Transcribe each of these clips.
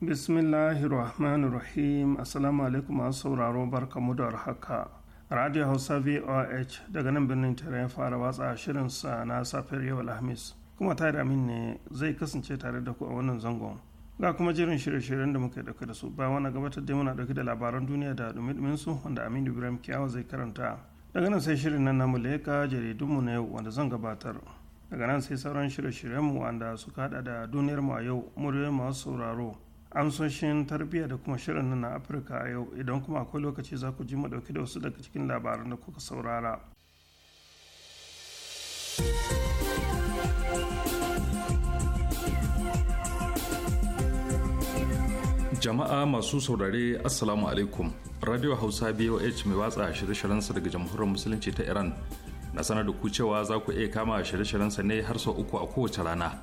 bismillahirrahmanirrahim assalamu alaikum masu sauraro barkamu da haka radio hausa voh daga nan birnin tare ya fara watsa shirinsa na safiyar yau alhamis kuma da min ne zai kasance tare da ku a wannan zangon ga kuma jirin shirye-shiryen da muka dauke da su bayan wani gabatar da muna dauke da labaran duniya da dumi su wanda aminu ibrahim kiyawa zai karanta daga nan sai shirin nan namu leka jaridunmu na yau wanda zan gabatar daga nan sai sauran shirye-shiryenmu wanda suka hada da duniyarmu a yau muryoyin masu sauraro amsoshin tarbiyya da kuma shirin na afirka a yau idan kuma akwai lokaci za ku ji mu dauki da wasu daga cikin labaran da kuka saurara jama'a masu saurare assalamu alaikum radio hausa boh mai watsa shirye-shiryensa daga jamhuriyar musulunci ta iran na sanar da ku cewa za ku iya kama shirye-shiryensa ne har sau uku a kowace rana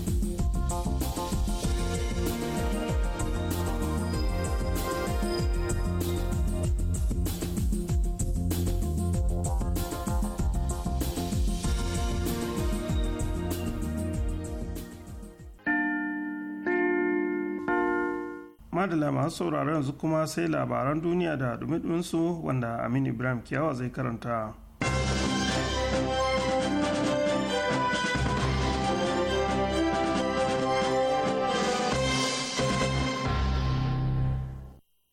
madala masu sauraron yanzu kuma sai labaran duniya da dumi su wanda amin ibrahim kiyawa zai karanta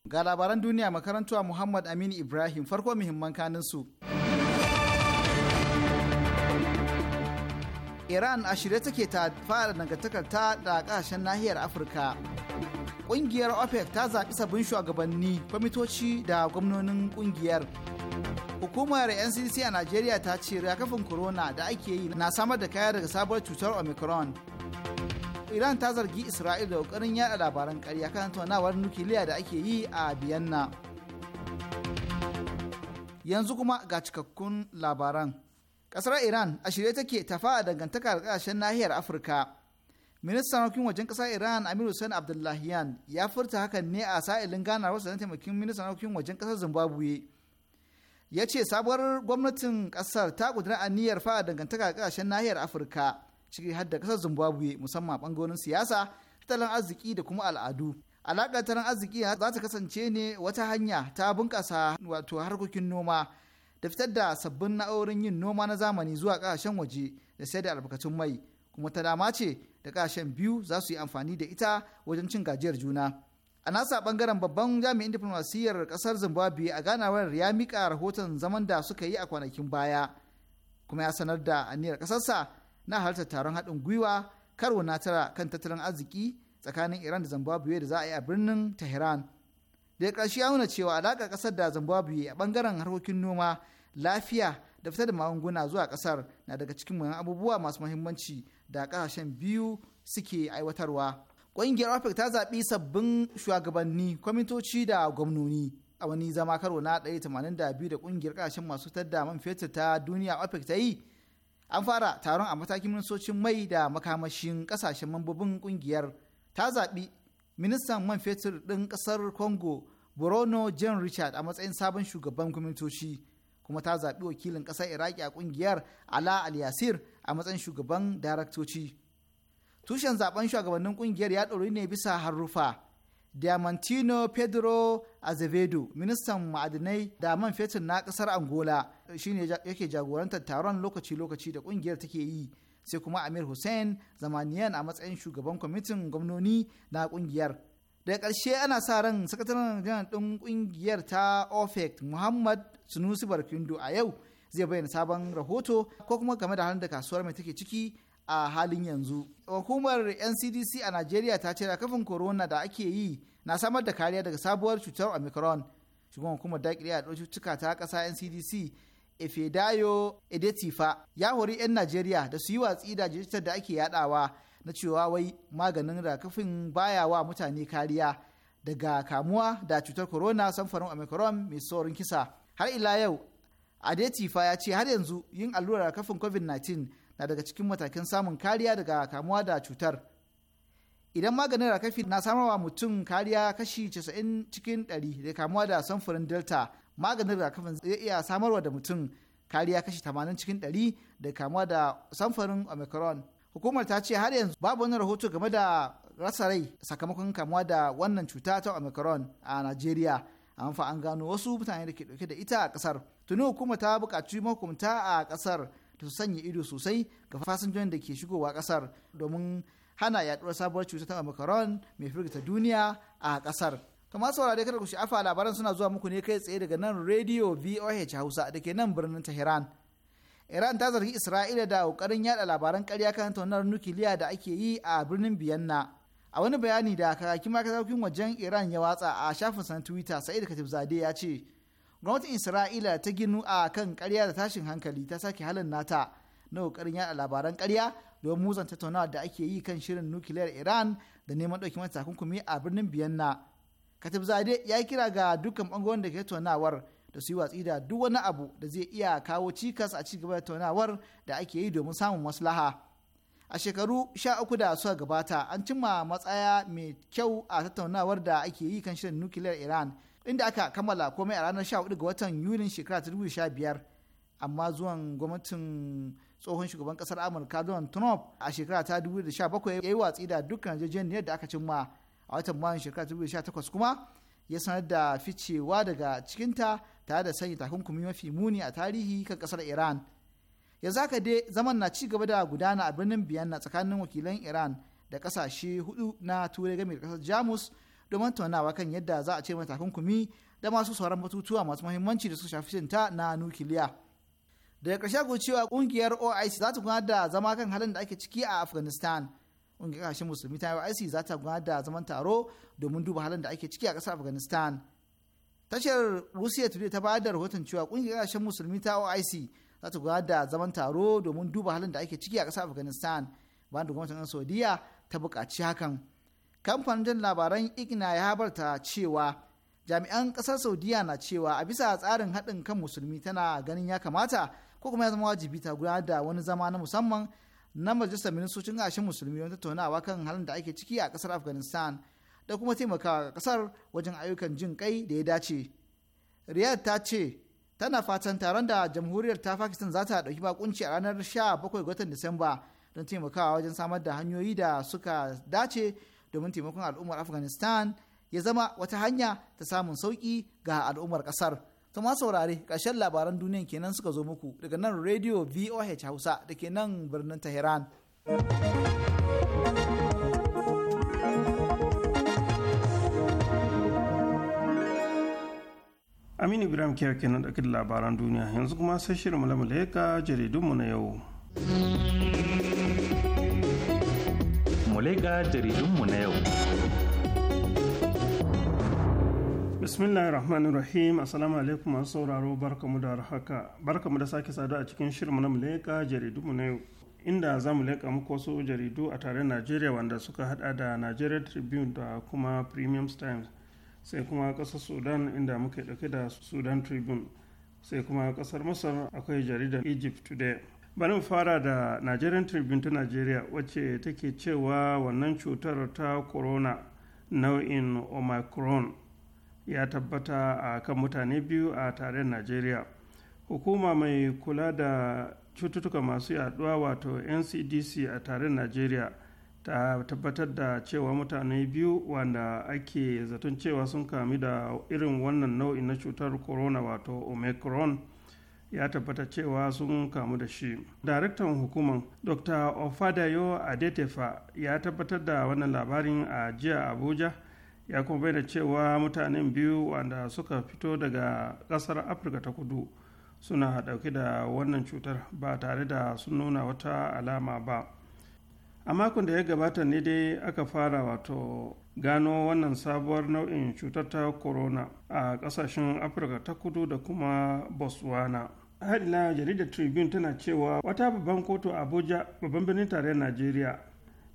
ga labaran duniya makarantuwa muhammad amin ibrahim farko muhimman kanin iran a shirye take ta fara dangantakar ta da kasashen nahiyar afirka ƙungiyar opec ta zaɓi sabbin shugabanni kwamitoci da gwamnonin ƙungiyar hukumar NCC a najeriya ta ce rigakafin corona da ake yi na samar da kaya daga sabuwar cutar omicron iran ta zargi isra'il da ƙoƙarin yada labaran ƙarya kan tattaunawar nukiliya da ake yi a biyanna yanzu kuma ga cikakkun labaran ƙasar iran a shirye take tafa a dangantaka da ƙasashen nahiyar afirka ministan harkokin wajen kasar iran amir hussein abdullahiyan ya furta hakan ne a sa'ilin ganawarsa na taimakin ministan harkokin wajen kasar zimbabwe ya ce sabuwar gwamnatin kasar ta ƙudura aniyar fara dangantaka a kasashen nahiyar afirka ciki har da ƙasar zimbabwe musamman a siyasa tattalin arziki da kuma al'adu alaƙar tattalin arziki za ta kasance ne wata hanya ta bunƙasa wato harkokin noma da fitar da sabbin na'urorin yin noma na zamani zuwa ƙasashen waje da sayar da albarkatun mai kuma ta dama ce da kasashen biyu za su yi amfani da ita wajen cin gajiyar juna a nasa bangaren babban jami'in diplomasiyyar kasar zimbabwe a ganawar ya mika rahoton zaman da suka yi a kwanakin baya kuma ya sanar da aniyar kasarsa na halartar taron haɗin gwiwa karo na tara kan tattalin arziki tsakanin iran da zimbabwe da za a yi a birnin tehran daga ƙarshe ya nuna cewa alaƙar ƙasar da zimbabwe a bangaren harkokin noma lafiya da fitar da magunguna zuwa ƙasar na daga cikin abubuwa masu muhimmanci da kasashen biyu suke aiwatarwa. Ƙungiyar OPEC ta zaɓi sabbin shugabanni, kwamitoci da gwamnoni. A wani zama karo na 182 da ƙungiyar kasashen masu tadda man fetur ta duniya OPEC ta yi, an fara taron a matakin ministocin mai da makamashin kasashen mambobin ƙungiyar. Ta zaɓi ministan man fetur ɗin ƙasar Congo, Bruno Jean Richard a matsayin sabon shugaban kwamitoci. kuma ta zaɓi wakilin ƙasar iraki a ƙungiyar ala al a matsayin shugaban daraktoci tushen zaben shugabannin ƙungiyar ya ɗori ne bisa harufa diamantino pedro azevedo ministan ma'adinai da man fetur na ƙasar angola shine yake jagorantar taron lokaci-lokaci da ƙungiyar take yi sai kuma amir hussein zamaniyan a matsayin shugaban kwamitin gwamnoni na ƙungiyar daga karshe ana sa ran sakataren janar ɗin ƙungiyar ta ofec muhammad sunusi barkindo a yau zai bayyana sabon rahoto ko kuma game da halin da kasuwar mai take ciki a halin yanzu hukumar ncdc a najeriya ta ce kafin corona da ake yi na samar da kariya daga sabuwar cutar omicron shugaban hukumar daƙile a cututtuka ta ƙasa ncdc efedayo edetifa ya hori 'yan najeriya da su yi watsi da jita da ake yadawa na cewa wai maganin rakafin baya wa mutane kariya daga kamuwa da cutar corona samfarin omicron mai saurin kisa har ila yau adetifa ya ce har yanzu yin allurar rakafin covid-19 na daga cikin matakin samun kariya daga kamuwa da cutar idan maganin rakafin na samarwa mutum kariya kashi 90 cikin 100 da kamuwa da samfurin delta maganin rakafin zai iya samarwa da mutum kariya kashi 80 cikin 100 da kamuwa da samfurin omicron hukumar ta ce har yanzu babu wani rahoto game da rasa rai sakamakon kamuwa da wannan cuta ta omicron a najeriya an fa an gano wasu mutane da ke dauke da ita a kasar tuni hukumar ta bukaci mahukunta a kasar da su sanya ido sosai ga fasinjoyin da ke shigowa kasar domin hana yaduwar sabuwar cuta ta omicron mai firgita duniya a kasar to masu saurare kada ku afa labaran suna zuwa muku ne kai tsaye daga nan radio voh hausa da ke nan birnin tehran iran ta zargi isra'ila da kokarin yada labaran karya kan taunar nukiliya da ake yi a birnin biyanna a wani bayani da kakakin makasaukin wajen iran ya watsa a shafin san twitter sa'id katib zade ya ce gwamnatin isra'ila ta ginu a kan karya da tashin hankali ta sake halin nata na ƙoƙarin yada labaran karya domin muzan tattaunawa da ake yi kan shirin nukiliyar iran da neman ɗauki mata takunkumi a birnin biyanna katib zade ya kira ga dukkan ɓangaren da ke tattaunawar da su yi watsi da duk wani abu da zai iya kawo cikas a cigaba da taunawar da ake yi domin samun maslaha. A shekaru sha uku da suka gabata an cimma matsaya mai kyau a tattaunawar da ake yi kan shirin nukiliyar Iran inda aka kammala komai a ranar 14 ga watan Yulin shekara 2015 amma zuwan gwamnatin tsohon shugaban kasar Amurka Donald Trump a shekara ta 2017 ya yi watsi da dukkan yarjejeniyar da aka cimma a watan Mayun shekara 2018 kuma ya sanar da ficewa daga cikinta tare da sanya takunkumi mafi muni a tarihi kan kasar iran ya zaka dai zaman na ci gaba da gudana a birnin biyanna tsakanin wakilan iran da kasashe hudu na turai game da kasar jamus domin tunawa kan yadda za a ce mai takunkumi da masu sauran batutuwa masu mahimmanci da suka shafi cinta na nukiliya daga ƙarshe cewa kungiyar oic za ta gudanar da zama kan halin da ake ciki a afghanistan ƙungiyar ƙasashen musulmi ta OIC za ta gudanar da zaman taro domin duba halin da ake ciki a ƙasar Afghanistan. Tashar Russia Today ta bayar da rahoton cewa ƙungiyar ƙasashen musulmi ta OIC za ta gudanar da zaman taro domin duba halin da ake ciki a ƙasar Afghanistan bayan da gwamnatin Saudiya ta buƙaci hakan. Kamfanin labaran Igna ya habarta cewa jami'an ƙasar Saudiya na cewa a bisa tsarin haɗin kan musulmi tana ganin ya kamata ko kuma ya zama wajibi ta gudanar da wani zama na musamman na majalisar ministocin gashin musulmi don tattaunawa kan halin da ake ciki a kasar afghanistan da kuma taimakawa ga kasar wajen ayyukan jin kai da ya dace riyad ta ce tana fatan taron da jamhuriyar ta pakistan za ta dauki bakunci a ranar 17 ga watan disamba don taimakawa wajen samar da hanyoyi da suka dace domin taimakon al'ummar afghanistan ya zama wata hanya ta samun sauki ga al'ummar kasar. to ma saurare ƙarshen labaran duniyan kenan suka zo muku daga nan radio voh hausa da ke nan birnin tehran aminu ibrahim kiyar kenan da labaran duniya yanzu kuma sai shirin mulamulaika jaridunmu na yau mulega jaridunmu na yau bismillahir rahmanir rahim assalamu alaikum masu sauraro barkamu da haka barkamu da sake sadu a cikin shirin na muleka mu na yau inda za mu leka muku wasu jaridu a tare najeriya wanda suka hada da nigeria tribune da kuma premium times sai kuma ƙasar sudan inda muke dauke da sudan tribune sai kuma ƙasar masar akwai jaridar egypt today bari mu fara da nigerian tribune ta nigeria wacce take cewa wannan cutar ta corona nau'in omicron ya tabbata a kan mutane biyu a tare najeriya hukuma mai kula da cututtuka masu yaduwa wato ncdc a tare najeriya ta tabbatar da cewa mutane biyu wanda ake zaton cewa sun kami da irin wannan nau'in na cutar corona wato omicron ya tabbata cewa sun kamu da shi. Daraktan hukuman, Dr. Ofadayo Adetefa ya tabbatar da wannan labarin a jiya Abuja ya kuma bai da cewa mutanen biyu wanda suka fito daga kasar afirka ta kudu suna dauke da wannan cutar ba tare da sun nuna wata alama ba a makon da ya gabata ne dai aka fara wato gano wannan sabuwar nau'in cutar ta corona a kasashen afirka ta kudu da kuma botswana har jaridar tribune tana cewa wata babban kotu abuja babban birnin tarayyar najeriya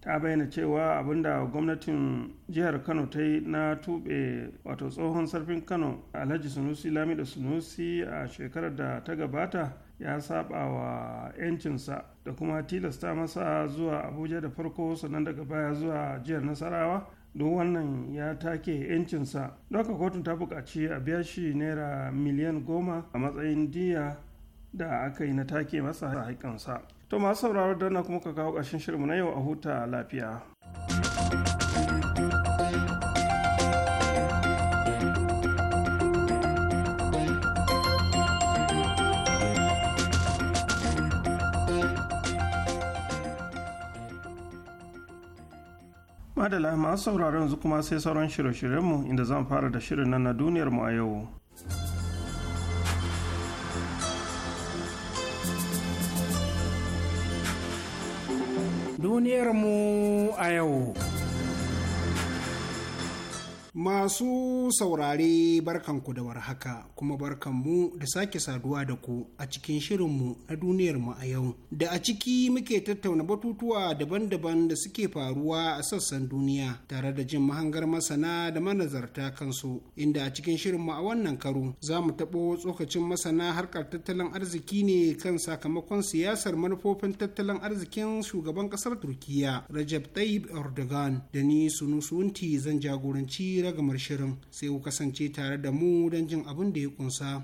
ta bayyana cewa abinda gwamnatin jihar kano ta yi na tuɓe wato tsohon sarfin kano alhaji sunusi lamido sunusi a shekarar da ta gabata ya saba wa 'yancinsa da kuma tilasta masa zuwa abuja da farko sannan daga baya zuwa jihar nasarawa don wannan ya take 'yancinsa doka kotun ta buƙaci a biya shi naira miliyan goma a matsayin diya da aka yi na take masa haƙƙinsa to masu sauraro don kuma ka kawo ƙarshen shirinmu na yau a huta lafiya madala masu sauraron yanzu kuma sai sauran shirye-shiryenmu inda zan fara da shirin nan na duniyar mu a yau duniyarmu a yau. Masu saurare barkanku da warhaka kuma barkanmu da sake saduwa da ku a cikin shirinmu na duniyar mu a yau. Da a ciki muke tattauna batutuwa daban-daban da suke faruwa a sassan duniya tare da jin mahangar masana da manazarta kansu inda a cikin shirinmu a wannan karo za mu taɓo tsokacin masana harkar tattalin arziki ne kan sakamakon siyasar manufofin tattalin arzikin shugaban ƙasar Turkiyya Rajab Tayyip Erdogan da ni Sunusunti zan jagoranci hira gamar shirin sai ku kasance tare da mu don jin abin da ya kunsa.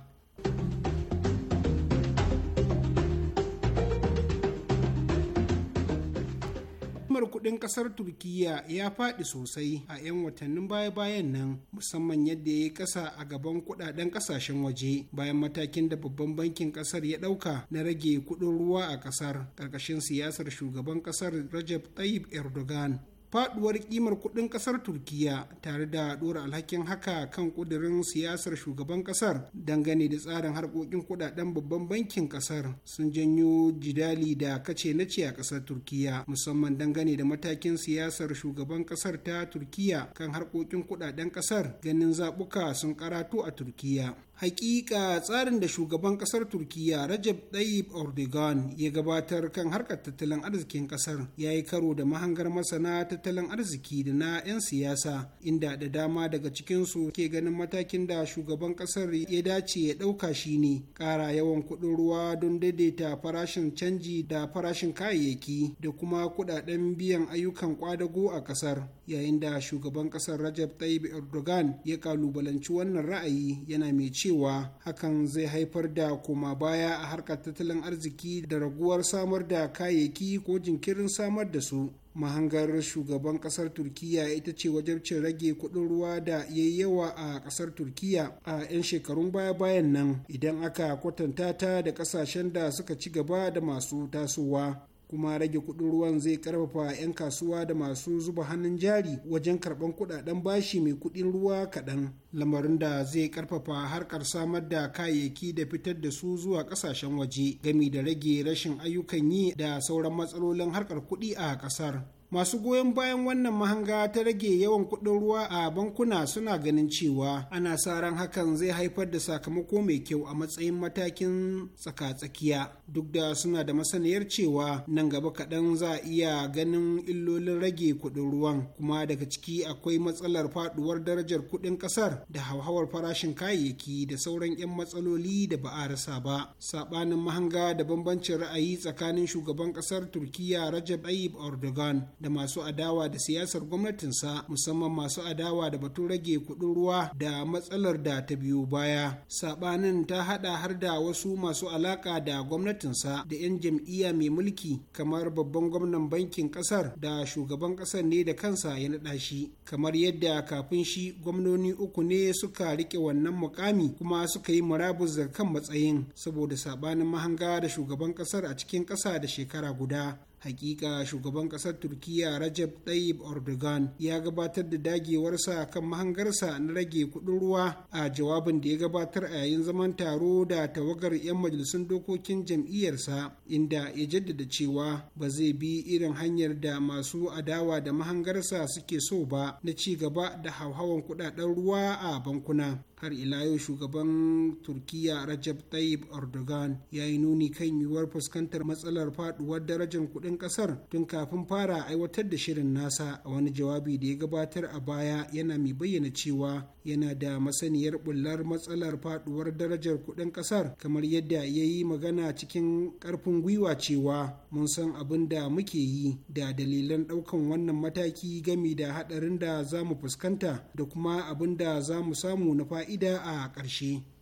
kamar kudin kasar turkiyya ya faɗi sosai a 'yan watannin baya-bayan nan musamman yadda ya yi ƙasa a gaban kudaden kasashen waje bayan matakin da babban bankin kasar ya ɗauka na rage kudin ruwa a kasar ƙarƙashin siyasar shugaban kasar rajab tayyip erdogan faduwar kimar kudin kasar turkiya tare da dora alhakin haka kan kudirin siyasar shugaban kasar dangane da tsarin harkokin kudaden babban bankin kasar sun janyo jidali da kace na a kasar turkiya musamman dangane da matakin siyasar shugaban kasar ta turkiya kan harkokin kudaden kasar ganin zabuka sun karatu a turkiya hakika tsarin da shugaban kasar turkiya rajab tayyip erdogan ya gabatar kan harkar tattalin arzikin kasar ya yi karo da mahangar masana tattalin arziki da na 'yan siyasa inda da dama daga cikinsu ke ganin matakin da shugaban kasar ya dace ya ɗauka shi ne. ƙara yawan kuɗin ruwa don daidaita farashin canji da farashin kayayyaki da kuma kuɗaɗen biyan ayyukan kwadago a kasar yayin da shugaban kasar rajab tayyip erdogan ya kalubalanci wannan ra'ayi yana mai ce cewa hakan zai haifar da koma baya a harkar tattalin arziki da raguwar samar da kayayyaki ko jinkirin samar da su mahangar shugaban kasar turkiya ita ce wajabcin rage kudin ruwa da ya yawa a kasar turkiya a 'yan shekarun baya-bayan nan idan aka kwatanta ta da kasashen da suka ci gaba da masu tasowa kuma rage kuɗin ruwan zai karfafa 'yan kasuwa da masu zuba hannun jari wajen karɓar kuɗaɗen bashi mai kuɗin ruwa kaɗan lamarin da zai karfafa harkar samar da kayayyaki da fitar da su zuwa ƙasashen waje gami da rage rashin ayyukan yi da sauran matsalolin harkar kuɗi a ƙasar masu goyon bayan wannan mahanga ta rage yawan kuɗin ruwa a bankuna suna ganin cewa ana sa ran hakan zai haifar da sakamako mai kyau a matsayin matakin tsaka-tsakiya duk da suna da masaniyar cewa nan gaba kaɗan za a iya ganin illolin rage kuɗin ruwan kuma daga ciki akwai matsalar faɗuwar darajar kuɗin ƙasar da hauhawar farashin kayayyaki da sauran 'yan matsaloli da ba a rasa ba saɓanin mahanga da bambancin ra'ayi tsakanin shugaban ƙasar turkiya rajab ayyub erdogan da masu adawa da siyasar gwamnatinsa musamman masu adawa da batun rage kuɗin ruwa da matsalar da ta biyo baya saɓanin ta haɗa har da wasu masu alaƙa da gwamnatinsa da 'yan jam'iyya mai mulki kamar babban gwamnan bankin ƙasar da shugaban ƙasar ne da kansa ya naɗa shi kamar yadda kafin shi gwamnoni uku ne suka riƙe wannan mukami kuma suka yi murabus da kan matsayin saboda saɓanin mahanga da shugaban ƙasar a cikin ƙasa da shekara guda hakika shugaban kasar turkiya rajab tayyip erdogan ya gabatar da dagewarsa kan mahangarsa na rage kudin ruwa a jawabin da ya gabatar a yayin zaman taro da tawagar 'yan majalisun dokokin jam'iyyarsa inda ya jaddada cewa ba zai bi irin hanyar da masu adawa da mahangarsa suke so ba na ci gaba da hauhawan kudaden ruwa a bankuna har ila yau shugaban turkiya rajab tayyip erdogan ya yi nuni kan yiwuwar fuskantar matsalar faduwar darajar kudin kasar tun kafin fara aiwatar da shirin nasa a wani jawabi da ya gabatar a baya yana mai bayyana cewa yana da masaniyar bullar matsalar faduwar darajar kudin ƙasar kamar yadda ya yi magana cikin karfin gwiwa cewa mun san abin da muke yi da dalilan ɗaukan wannan mataki gami da haɗarin da za mu fuskanta da kuma abin da za mu samu na fa'i ƙa'ida a ƙarshe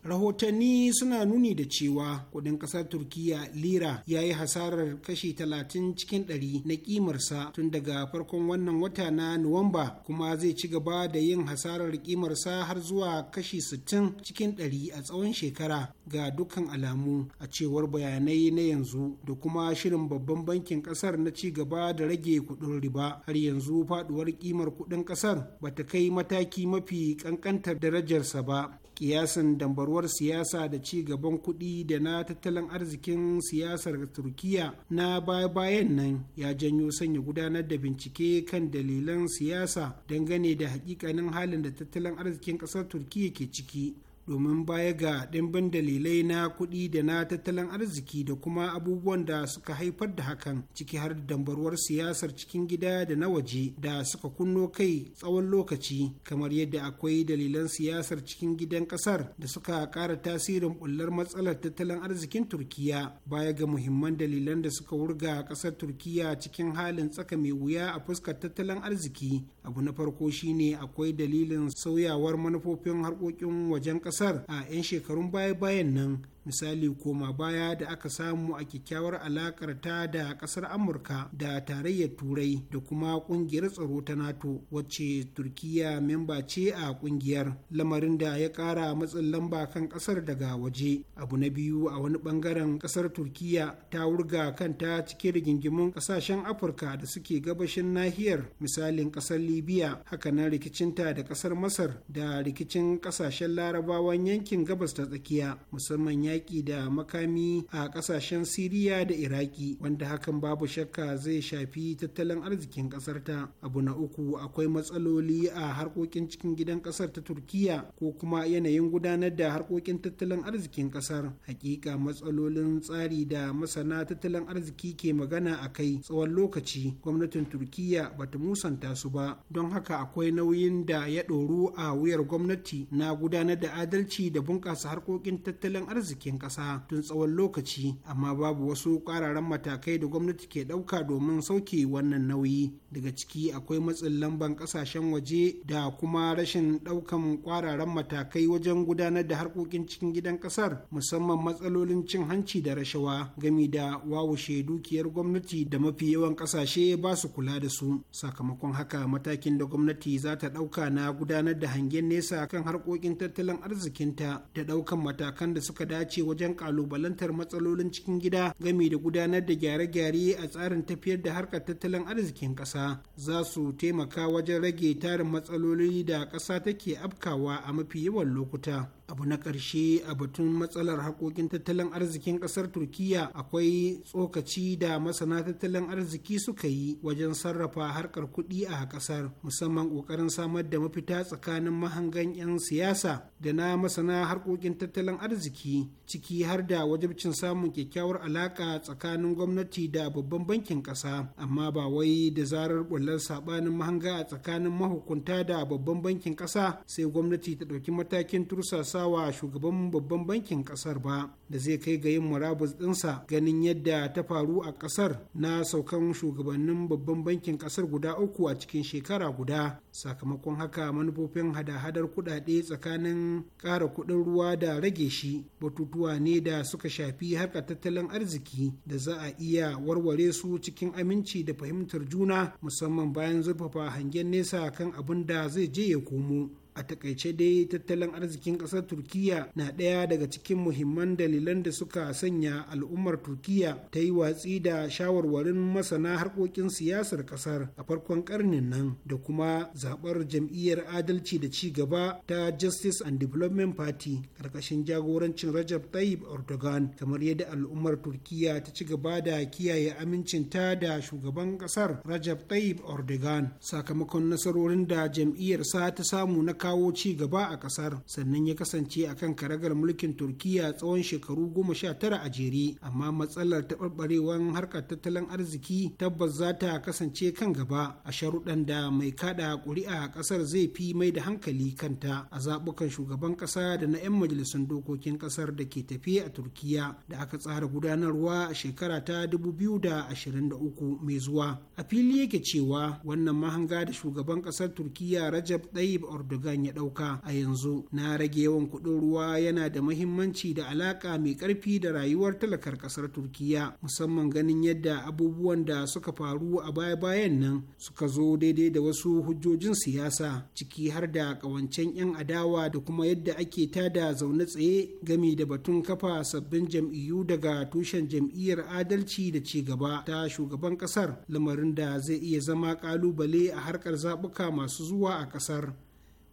rahotanni suna nuni da cewa kudin kasar turkiya lira ya yi hasarar kashi 30 cikin 100 na kimarsa tun daga farkon wannan wata na nuwamba kuma zai ci gaba da yin hasarar kimarsa har zuwa kashi 60 cikin 100 a tsawon shekara ga dukkan alamu a cewar bayanai na yanzu da kuma shirin babban bankin kasar na ci gaba da rage kudin riba har yanzu faduwar kimar kudin kasar bata kai mataki mafi kankantar darajarsa ba kiyasin dambarwar siyasa da ci gaban kuɗi da na tattalin arzikin siyasar turkiya na baya-bayan nan ya janyo sanya gudanar da bincike kan dalilan siyasa dangane da hakikanin halin da tattalin arzikin ƙasar turkiya ke ciki domin baya ga ɗimbin dalilai na kuɗi da na tattalin arziki da kuma abubuwan da suka haifar da hakan ciki har da dambarwar siyasar cikin gida da na waje da suka kunno kai tsawon lokaci kamar yadda akwai dalilan siyasar cikin gidan ƙasar da suka ƙara tasirin bullar matsalar tattalin arzikin turkiya baya ga muhimman dalilan da suka wurga ƙasar turkiya cikin halin tsaka mai wuya a fuskar tattalin arziki abu na farko shine akwai dalilin sauyawar manufofin harkokin wajen ƙasa kasar a 'yan shekarun baya-bayan nan misali koma baya da aka samu a kyakkyawar alakar ta da kasar amurka da tarayyar turai da kuma kungiyar tsaro ta nato wacce turkiya memba ce a kungiyar lamarin da ya kara matsin lamba kan kasar daga waje abu na biyu a wani bangaren kasar turkiya ta wurga kanta cikin rigingimun kasashen afirka da suke gabashin nahiyar misalin kasar libya hakanan rikicinta da kasar masar da rikicin kasashen larabawan yankin gabas ta tsakiya musamman ya yaƙi da makami a ƙasashen siriya da iraki wanda hakan babu shakka zai shafi tattalin arzikin ƙasar ta abu na uku akwai matsaloli a harkokin cikin gidan ƙasar ta turkiya ko kuma yanayin gudanar da harkokin tattalin arzikin ƙasar hakika matsalolin tsari da masana tattalin arziki ke magana a kai tsawon lokaci gwamnatin turkiya ta musanta su ba don haka akwai nauyin da ya ɗoru a wuyar gwamnati na gudanar da adalci da bunƙasa harkokin tattalin arziki cikin ƙasa tun tsawon lokaci amma babu wasu ƙararan matakai da gwamnati ke ɗauka domin sauke wannan nauyi daga ciki akwai matsin lamban ƙasashen waje da kuma rashin ɗaukan ƙwararan matakai wajen gudanar da harkokin cikin gidan ƙasar musamman matsalolin cin hanci da rashawa gami da wawushe dukiyar gwamnati da mafi yawan ƙasashe ba su kula da su sakamakon haka matakin da gwamnati za ta ɗauka na gudanar da hangen nesa kan harkokin tattalin arzikinta da ɗaukan matakan da suka dace dace wajen kalubalantar matsalolin cikin gida gami da gudanar da gyare-gyare a tsarin tafiyar da harkar tattalin arzikin ƙasa za su taimaka wajen rage tarin matsaloli da ƙasa take afkawa a mafi yawan lokuta abu na ƙarshe a batun matsalar haƙoƙin tattalin arzikin ƙasar turkiya akwai tsokaci da masana tattalin arziki suka yi wajen sarrafa harkar kuɗi a ƙasar musamman ƙoƙarin samar da mafita tsakanin mahangan 'yan siyasa da na masana harkokin tattalin arziki ciki har da wajibcin samun kyakkyawar alaƙa tsakanin gwamnati da babban bankin ƙasa amma ba wai da zarar bullar saɓanin mahanga a tsakanin mahukunta da babban bankin ƙasa sai gwamnati ta ɗauki matakin tursasa wa shugaban babban bankin kasar ba da zai kai ga yin murabus ɗinsa ganin yadda ta faru a kasar na saukan shugabannin babban bankin kasar guda uku a cikin shekara guda sakamakon haka manufofin hada-hadar kudade tsakanin ƙara kuɗin ruwa da rage shi batutuwa ne da suka shafi harkar tattalin arziki da za a iya warware su cikin aminci da fahimtar juna musamman bayan zurfafa hangen nesa kan abin da zai je ya komo a takaice dai tattalin arzikin ƙasar turkiya na ɗaya daga cikin muhimman dalilan da suka sanya al'ummar turkiya ta yi watsi da shawarwarin masana harkokin siyasar ƙasar a farkon ƙarnin nan da kuma zaɓar jam'iyyar adalci da ci gaba ta justice and development party ƙarƙashin jagorancin rajab tayyip erdogan kamar yadda al'ummar turkiya ta ci gaba da kiyaye amincin ta da shugaban ƙasar rajab tayyip erdogan sakamakon nasarorin da jam'iyyar sa ta samu na kawo ci gaba a kasar sannan ya kasance a kan karagar mulkin turkiya tsawon shekaru goma sha tara a jere amma matsalar taɓarɓarewar harkar tattalin arziki tabbas za ta kasance kan gaba a sharuɗan da mai kada ƙuri'a a kasar zai fi mai da hankali kanta a zaɓukan shugaban ƙasa da na 'yan majalisun dokokin ƙasar da ke tafiye a turkiya da aka tsara gudanarwa a shekara ta 2023 mai zuwa a fili yake cewa wannan mahanga da shugaban ƙasar turkiya rajab ɗayib erdogan iran ya ɗauka a yanzu na rage yawan kuɗin ruwa yana da mahimmanci da alaƙa mai ƙarfi da rayuwar talakar ƙasar turkiya musamman ganin yadda abubuwan da suka faru a baya-bayan nan suka zo daidai da wasu hujjojin siyasa ciki har da ƙawancen 'yan adawa da kuma yadda ake tada zaune tsaye gami da batun kafa sabbin jam'iyyu daga tushen jam'iyyar adalci da ci gaba ta shugaban ƙasar lamarin da zai iya zama ƙalubale a harkar zaɓuka masu zuwa a ƙasar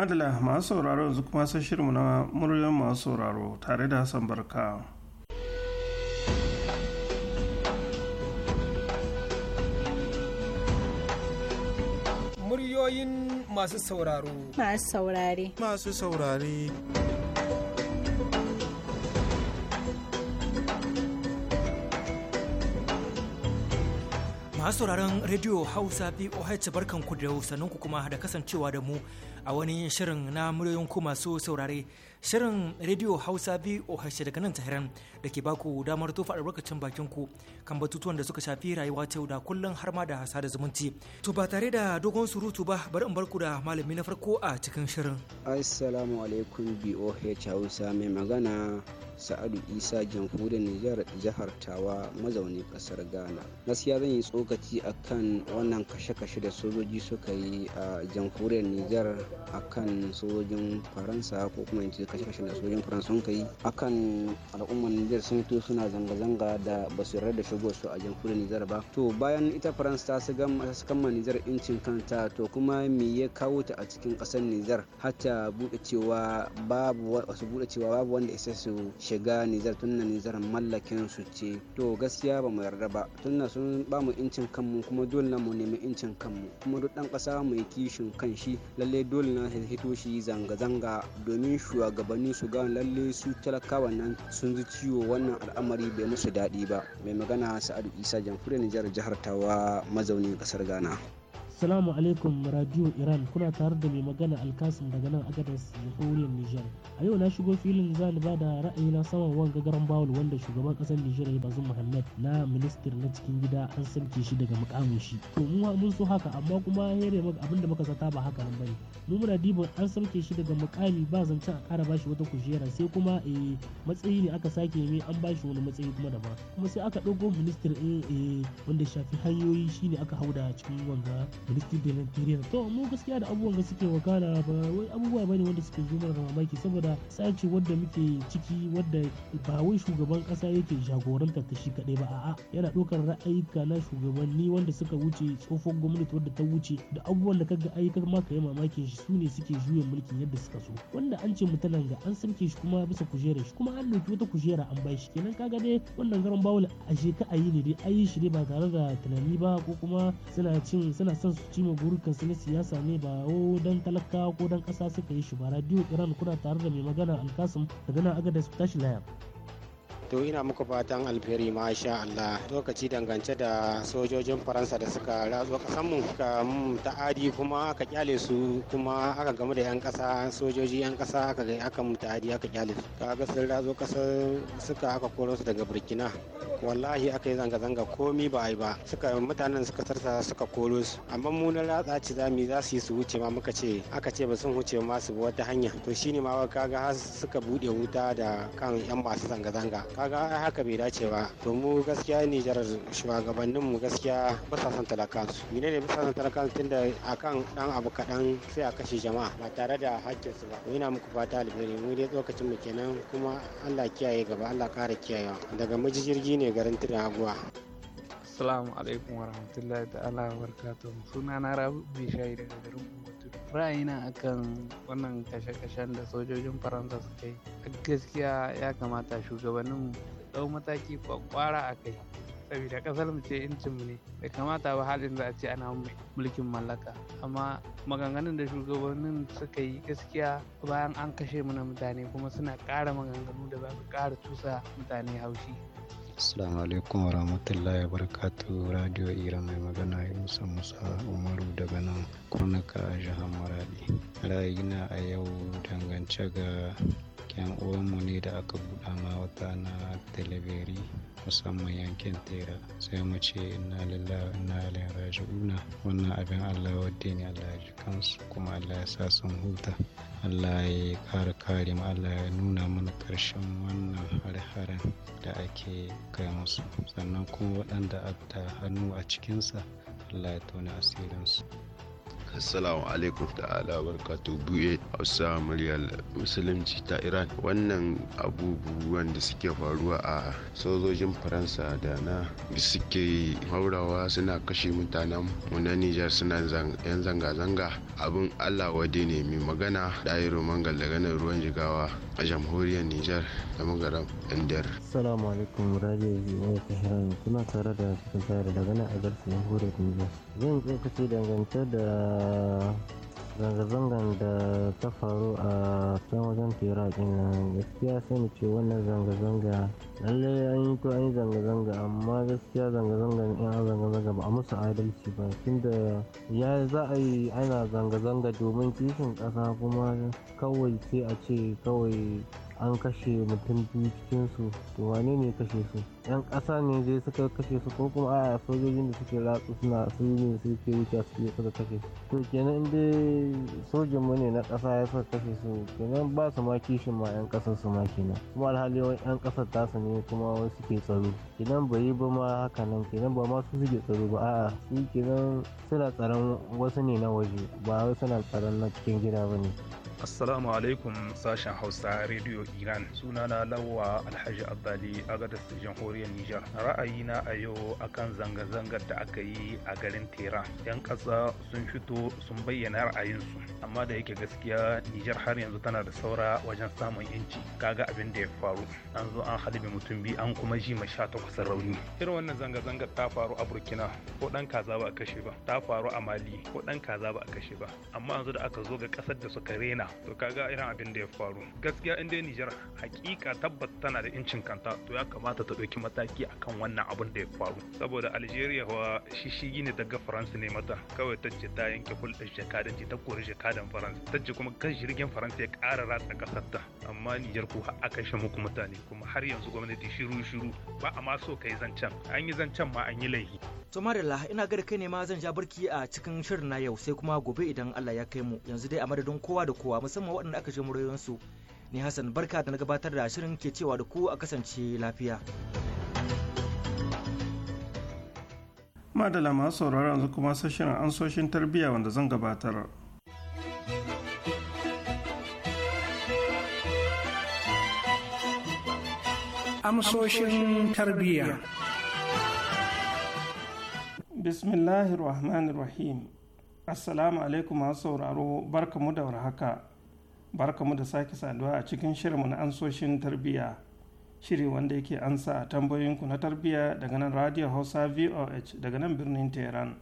madala masu sauraro yanzu kuma sai shirinmu na muryoyin masu sauraro tare da hassan barka muryoyin masu sauraro masu saurare masu saurare masu sauraron rediyo hausa boh barkanku da sannan ku kuma da kasancewa da mu a wani shirin na muryoyin ku masu saurare Shirin Radio Hausa VOH daga nan Tahiran da ke baku damar tofa albarkacin bakin ku kan batutuwan da suka shafi rayuwa ta yau da kullum har ma da sada zumunci. To ba tare da dogon surutu ba bari in barku da malami na farko a cikin shirin. Assalamu alaikum VOH Hausa mai magana Sa'adu Isa jamhuriyar Nijar jihar Tawa mazauni kasar Ghana. Gaskiya zan yi tsokaci akan wannan kashe-kashe da sojoji suka yi a jamhuriyar Nijar akan sojojin Faransa ko kuma in kashe-kashe da sojin faransa sun kai akan al'ummar nijar sun fito suna zanga-zanga da basu su yarda da shigo su a jamhuriyar nijar ba to bayan ita faransa ta su gama Niger incin kanta to kuma me ya kawo ta a cikin kasar nijar hatta buɗe cewa babu wasu bude cewa babu wanda isa su shiga tun tunna Niger mallakin su ce to gaskiya ba mu yarda ba tunna sun ba mu incin kanmu kuma dole mu nemi incin kanmu kuma duk ɗan mu mai kishin kan shi lallai dole na hito shi zanga-zanga domin shugaba shugabannin su gane lalle su talakawa nan sun ji ciwo wannan al'amari bai musu daɗi ba mai magana sa'adu isa jamfure nijar jihar tawa mazaunin ƙasar ghana Assalamu alaikum Radio Iran kuna tare da mai magana Alkasim daga nan Agadas Jamhuriyar Nijar. A yau na shigo filin zan ba da ra'ayi na saman wanga garan bawul wanda shugaban kasar Nijar ya bazu Muhammad na minister na cikin gida an sauke shi daga mukamin shi. To mu mun so haka amma kuma here maka abinda muka sata ba haka nan bane. Mu muna dibin an sauke shi daga mukami ba zancen a kara bashi wata kujera sai kuma eh matsayi ne aka sake mai an bashi wani matsayi kuma daban. Kuma sai aka ɗauko minister eh, eh wanda shafi hanyoyi shine aka hauda cikin wanga da Dementoria to mu gaskiya da abubuwan da suke wakana ba wai abubuwa bane wanda suke zo mana mamaki saboda sace wanda muke ciki wanda ba wai shugaban kasa yake jagorantar ta shi kadai ba a'a yana ɗaukar ra'ayika na shugabanni wanda suka wuce tsofon gwamnati wadda ta wuce da abubuwan da kaga ayyukan ma ka yi mamakin shi su ne suke juyin mulkin yadda suka so wanda an ce mutanen ga an sarke shi kuma bisa kujerar shi kuma an ɗauki wata kujera an bai shi kenan kaga dai wannan garan bawul a sheka ayi ne dai ayi shi dai ba tare da tunani ba ko kuma suna cin suna son cima su na siyasa ne ba o dan talakawa ko dan ƙasa suka yi shi ba radio iran kuna tare da mai magana alkasim daga nan agadas tashi laya to ina muku fatan alheri masha Allah lokaci dangance da sojojin Faransa da suka ratso kasanmu ka mm, a'di kuma aka kyale su kuma aka gamu da 'yan kasa sojoji 'yan kasa aka aka mu ta'adi aka kyale su kaga sun ratso kasar suka aka koro su daga Burkina wallahi aka yi zanga-zanga komi ba yi ba suka mutanen suka tarsa suka koro su amma mu na ratsa ci zami za su yi su wuce ma muka ce aka ce ba sun wuce ma su wata hanya to shine ma kaga har suka bude wuta da kan 'yan masu zanga-zanga kaga haka bai dace ba to mu gaskiya Nijar shugabannin mu gaskiya ba sa son talakan su ne ba sa son talakan tunda akan dan abu kadan sai a kashe jama'a ba tare da hakkin su ba ina muku fata alheri mu dai tsokacin mu kenan kuma Allah kiyaye gaba Allah kare kiyayewa daga majijirgi ne garin Tidaguwa Assalamu alaikum warahmatullahi ta'ala wa barakatuh sunana Rabi Bishai daga garin ra'ayina akan wannan kashe-kashen da sojojin faransa suka yi gaskiya ya kamata shugabannin ɗau mataki kwakwara a kai saboda kasar mu ce mu ne da kamata ba halin za a ce ana mulkin mallaka amma maganganun da shugabannin suka yi gaskiya bayan an kashe mana mutane kuma suna ƙara maganganu da ba su ƙara cusa mutane haushi Assalamu alaikum warahmatullahi wabarakatuh Radio Iran mai magana Yunusa Musa Umaru daga nan Kurnaka jihar Maradi. Ra'ayina a yau dangance ga yan mu ne da aka buɗa ma wata na talabiri musamman yankin tera sai mu ce inna lillahi inna ilaihi wannan abin Allah wadde ne Allah ya ji kansu kuma Allah ya sa sun huta Allah ya kara kare mu Allah ya nuna mana karshen wannan har-haren da ake kai musu sannan kuma waɗanda da hannu a cikinsa Allah ya tona asirinsu assalamu alaikum ta'ala barkatu buye hausa muryar musulunci ta iran wannan abubuwan da suke faruwa a sojojin faransa da na suke haurawa suna kashe mutanen mu na nijar suna yan zanga-zanga abin allah wade ne mai magana dairu mangal daga ruwan jigawa a jamhuriyar nijar da magaram indiyar assalamu alaikum radiyo biyu ta hiran kuna tare da cikin tare daga nan a garsu jamhuriyar nijar zan tsokaci dangance da zanga-zangan da ta faru a can wajen tera ina gaskiya sai ce wannan zanga-zanga lallai an yi to an yi zanga-zanga amma gaskiya zanga-zanga in an zanga-zanga ba a musu adalci ba tunda ya za a yi ana zanga-zanga domin kishin ƙasa kuma kawai sai a ce kawai an kashe mutum biyu cikin su to wane ne kashe su yan ƙasa ne zai suka kashe su ko kuma a sojojin da suke ratsu suna su ne suke wuce suke suka kashe to kenan dai sojin mu ne na ƙasa ya suka kashe su kenan ba su ma kishin ma yan ƙasar su ma kenan kuma alhali wani yan ƙasar tasu ne kuma wani suke tsaro kenan bai yi ba ma haka nan kenan ba ma su suke tsaro ba a'a su kenan suna tsaron wasu ne na waje ba wai suna tsaron na cikin gida ba ne assalamu alaikum sashen hausa rediyo iran sunana lawa alhaji abbali a gadar jamhuriyar nijar ra'ayina a yau akan zanga-zangar da aka yi a garin tera yan ƙasa sun fito sun bayyana ra'ayinsu amma da yake gaskiya nijar har yanzu tana da saura wajen samun yanci kaga abin da ya faru an zo an halibi mutum biyu an kuma ji ma sha takwas rauni irin wannan zanga-zangar ta faru a burkina ko dan kaza ba a kashe ba ta faru a mali ko dan kaza ba a kashe ba amma yanzu da aka zo ga ƙasar da suka rena to kaga irin abin da ya faru gaskiya inda Nijar hakika tabbat tana da incin kanta to ya kamata ta ɗauki mataki akan wannan abin da ya faru saboda Algeria wa shishigi ne daga Faransa ne mata kawai ta ce ta yanke hulɗar jakadan ta kori jakadan Faransa ta ce kuma kan jirgin Faransa ya ƙara ratsa ƙasar ta amma Nijar ko har aka shi muku mutane kuma har yanzu gwamnati shiru shiru ba a ma so kai zancen an yi zancen ma an yi laifi to marilla ina ga da kai ne ma zan ja barki a cikin shirin na yau sai kuma gobe idan Allah ya kai mu yanzu dai a madadin kowa da kowa musamman waɗanda aka je su ni Hassan barka da na gabatar da shirin ke cewa da ku a kasance lafiya. Madala masu sauraron yanzu kuma sashen ansoshin tarbiyya wanda zan gabatar. Amsoshin tarbiyya. bismillahir rahmanir rahim assalamu alaikum masu sauraro barkamu da warhaka barka mu da sake saduwa a cikin shirinmu na ansoshin tarbiyya shiri wanda yake ansa a tambayoyinku na tarbiyya daga nan radio hausa voh daga nan birnin tehran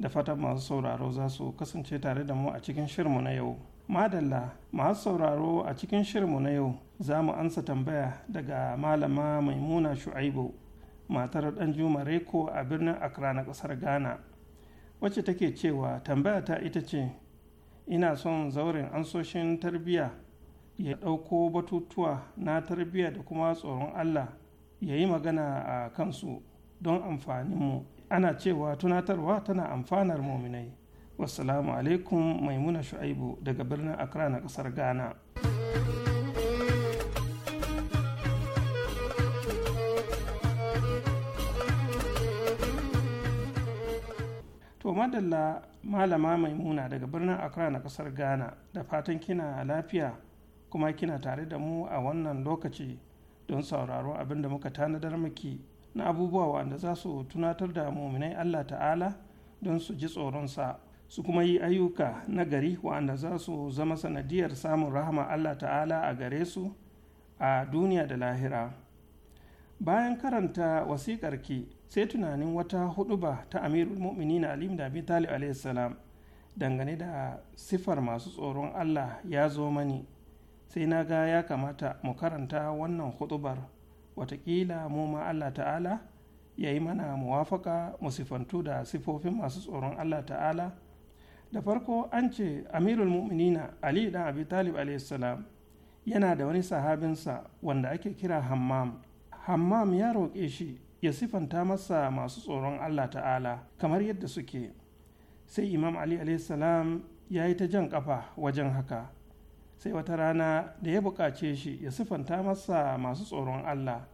da fatan masu sauraro za su kasance tare da mu a cikin shirinmu na yau madalla masu sauraro a cikin shirinmu na yau za mu ansa tambaya daga malama maimuna shu'aibu matar Juma reko a birnin accra na kasar ghana wacce take cewa tambaya ta ita ce ina son zauren ansoshin tarbiyya ya ɗauko batutuwa na tarbiyya da kuma tsoron allah ya yi magana a kansu don amfaninmu ana cewa tunatarwa tana amfanar mominai wasu alaikum maimuna shu'aibu daga birnin accra na ƙasar ghana To madalla malama mai Muna daga birnin Accra na kasar Ghana da fatan kina lafiya kuma kina tare da mu a wannan lokaci don sauraro abin da muka tanadar miki na abubuwa wanda za su tunatar da muminai Allah ta'ala don su ji tsoronsa su kuma yi ayyuka na gari wa'anda za su zama sanadiyar samun rahama Allah ta'ala a gare su a duniya da lahira. Bayan karanta wasiƙarki sai tunanin wata huduba ta amirul mu'minin alim da abin talib alaihissalam dangane da sifar masu tsoron allah ya zo mani sai na ga ya kamata mu karanta wannan hudubar watakila mu ma allah ta'ala ya yi mana muwafaka mu sifantu da sifofin masu tsoron allah ta'ala da farko an ce amirul mu'minina ali dan abi talib alaihissalam yana da wani sahabinsa wanda ake kira hammam hammam ya roƙe shi ya sifanta masa masu tsoron Allah ta'ala kamar yadda suke sai imam ali salam ya yi ta jan kafa wajen haka sai wata rana da ya buƙace shi ya sifanta masa masu tsoron Allah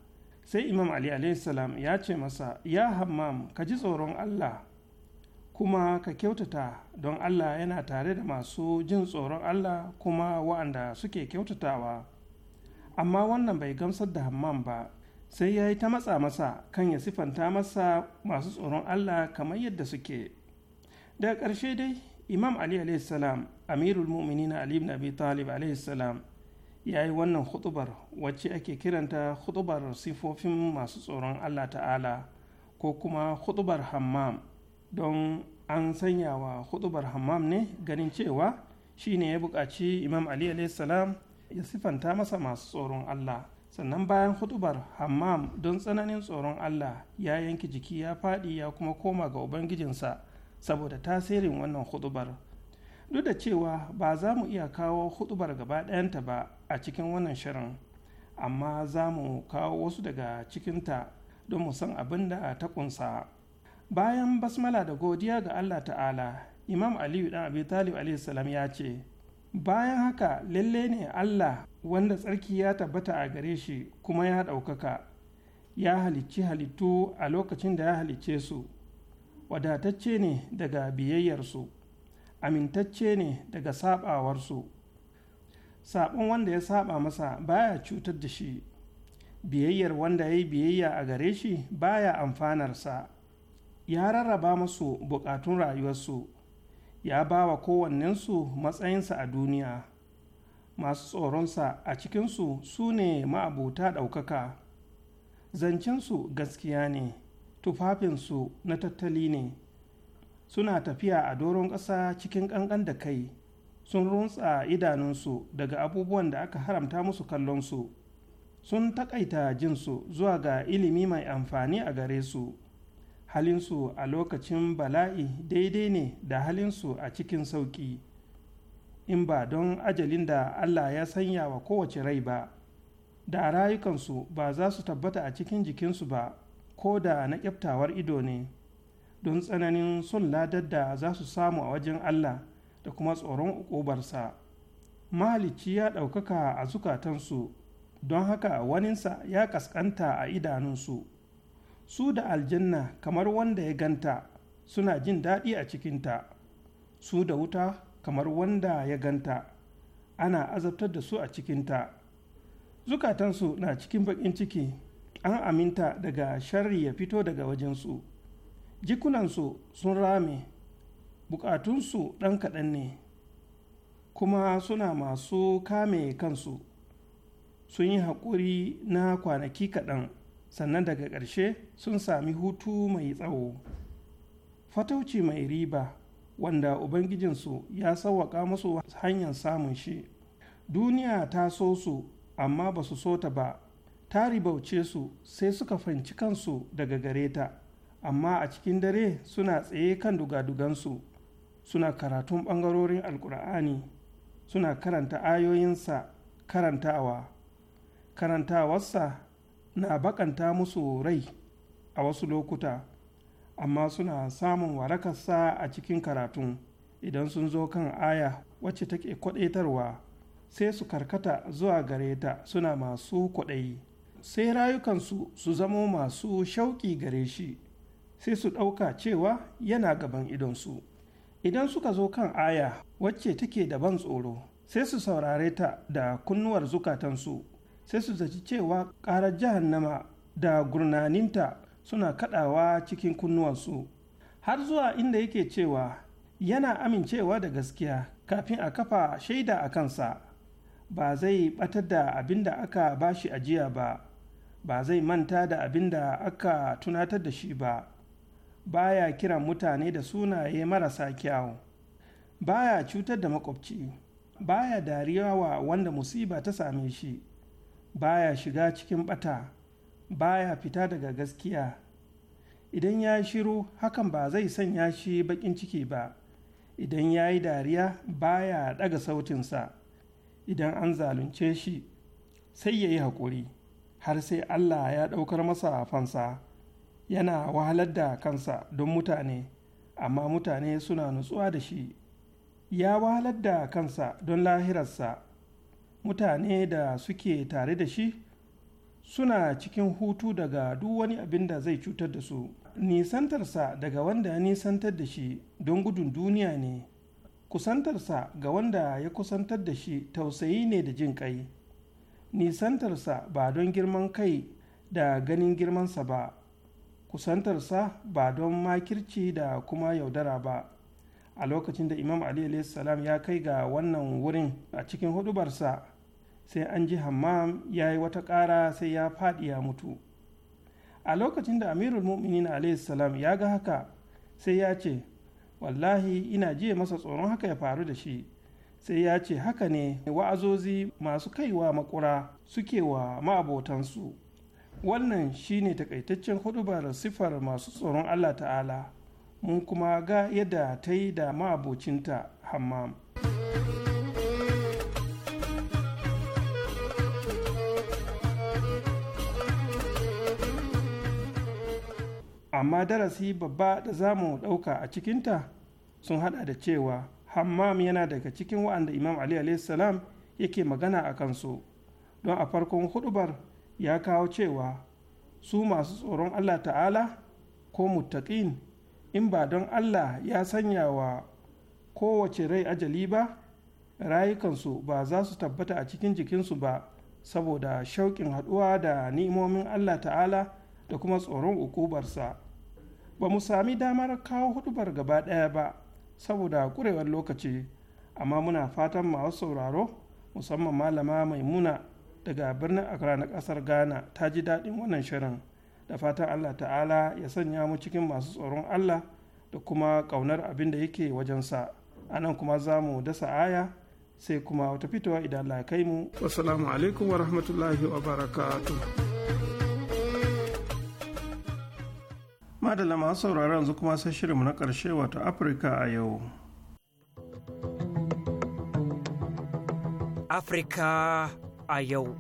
sai imam ali salam ya ce masa ya hammam ka ji tsoron Allah kuma ka kyautata don Allah yana tare da masu jin tsoron Allah kuma wa'anda suke kyautatawa amma wannan bai gamsar da hammam ba sai ya yi ta matsa masa kan ya sifanta masa masu tsoron Allah kamar yadda suke daga ƙarshe dai imam ali salam amirul na ali ibn abi talib salam ya yi wannan hutubar wacce ake kiranta hutubar sifofin masu tsoron Allah ta'ala ko kuma hutubar hammam don an sanya wa hutubar hammam ne ganin cewa shi ne ya buƙaci imam ali salam ya sifanta masa masu tsoron Allah sannan bayan hudubar hammam don tsananin tsoron allah ya yanke jiki ya faɗi ya kuma koma ga ubangijinsa saboda tasirin wannan hudubar duk da cewa ba za mu iya kawo hudubar gaba ɗayanta ba a cikin wannan shirin amma za mu kawo wasu daga cikinta don mu san abin da ta kunsa bayan basmala da godiya ga allah ta'ala imam aliyu dan abi talib ya ce bayan haka lalle ne Allah wanda tsarki ya tabbata a gare shi kuma ya ɗaukaka ya halicci halittu a lokacin da ya halicce su wadatacce ne daga biyayyarsu amintacce ne daga saɓawarsu saɓon wanda ya saɓa masa baya cutar da shi biyayyar wanda ya yi biyayya a gare shi baya amfanarsa ya rarraba masu bukatun rayuwarsu ya ba wa kowannensu matsayinsa a duniya masu tsoronsa a cikinsu su ne ma'abuta ɗaukaka zancensu gaskiya ne tufafinsu na tattali ne suna tafiya a doron ƙasa cikin ƙanƙan da kai sun runtsa idanunsu daga abubuwan da aka haramta musu kallonsu sun taƙaita jinsu zuwa ga ilimi mai amfani a gare su halinsu a lokacin bala'i daidai ne da halinsu a cikin sauƙi in ba don ajalin da Allah ya sanya wa kowace rai ba da rayukansu ba za su tabbata a cikin jikinsu ba ko da na ƙyaftawar ido ne don tsananin sun ladar da za su samu a wajen Allah da kuma tsoron uƙubarsa mahalicci ya ɗaukaka a zukatansu don haka waninsa ya ƙasƙanta a idanunsu su da aljanna kamar wanda ya ganta suna jin daɗi a cikinta su da wuta kamar wanda ya ganta ana azabtar da su a cikinta zukatansu na cikin baƙin ciki an aminta daga sharri ya fito daga wajensu jikunansu sun rame bukatunsu ɗan kaɗan ne kuma suna masu kame kansu sun yi haƙuri na kwanaki kaɗan sannan daga ƙarshe sun sami hutu mai tsawo fatauci mai riba wanda ubangijinsu ya sauwaƙa musu hanyar samun shi duniya ta so su amma ba su so ta ba ta ribauce su sai suka fanci kansu daga gare ta amma a cikin dare suna tsaye kan dugadugansu suna karatun ɓangarorin alkur'ani suna karanta ayoyinsa karantawa karantawarsa na bakanta musu rai a wasu lokuta amma suna samun warakarsa a cikin karatun idan sun zo kan aya wacce take kwadaitarwa sai su karkata zuwa gare ta suna masu kwaɗayi sai rayukansu su zamo masu shauƙi gare shi sai su ɗauka cewa yana gaban idonsu idan suka zo kan aya wacce take da ban tsoro sai su saurare ta da kunnuwar zukatansu sai su zaci cewa ƙarar jahannama da gurnaninta suna kaɗawa cikin kunnuwansu har zuwa inda yake cewa yana amincewa da gaskiya kafin a kafa shaida a kansa ba zai ɓatar da abin da aka ba shi ajiya ba ba zai manta da abin da aka tunatar da shi ba baya kiran mutane da sunaye marasa kyawu baya cutar da makwabci baya dariya wa wanda musiba ta same shi baya shiga cikin bata baya fita daga gaskiya idan ya shiru hakan ba zai sanya shi bakin ciki ba idan ya yi dariya baya daga sautinsa idan an zalunce shi sai ya yi haƙuri har sai allah ya ɗaukar masa fansa yana wahalar da kansa don mutane amma mutane suna nutsuwa da shi ya wahalar da kansa don lahirarsa mutane da suke tare da shi suna cikin hutu daga duk wani abin da zai cutar da su nisantarsa daga wanda ya nisantar da shi don gudun duniya ne kusantarsa ga wanda ya kusantar da shi tausayi ne da jin kai nisantarsa ba don girman kai da ganin girmansa ba kusantarsa ba don makirci da kuma yaudara ba a lokacin da imam ali salam ya kai ga wannan wurin a cikin hudubarsa sai an ji hammam ya yi wata ƙara sai ya faɗi ya mutu a lokacin da amirul mu'minin salam ya ga haka sai ya ce wallahi ina jiya masa tsoron haka ya faru da shi sai ya ce haka ne wa'azozi masu kaiwa makura suke wa ma'abotansu wannan shine takaitaccen hudubar sifar masu tsoron allah ta'ala mun kuma ga yadda ta yi da ma'abocinta hammam amma darasi babba da zamu mu ɗauka a cikinta sun hada da cewa hammam yana daga cikin wa'anda imam ali salam yake magana a kansu don a farkon hudubar ya kawo cewa su masu tsoron allah ta'ala ko muttaqin in ba don allah ya sanya wa kowace rai ajali ba rayukansu ba za su tabbata a cikin jikinsu ba saboda shauƙin haɗuwa da ni'imomin allah ta'ala da kuma tsoron ukubarsa ba mu sami damar kawo hudubar gaba ɗaya ba saboda kurewar lokaci amma muna fatan masu sauraro musamman malama mai muna, daga birnin accra na ƙasar ghana ta ji daɗin wannan shirin da fatan allah ta'ala ya sanya mu cikin masu tsoron allah da kuma ƙaunar abin da yake wajensa a nan kuma za mu dasa aya sai kuma wata fitowa idan allah kai mu wasu alaikum wa rahmatullahi wa barakatuh madalla masu sauraron yanzu kuma sai shirinmu na ƙarshe wato afirka a yau afirka a yau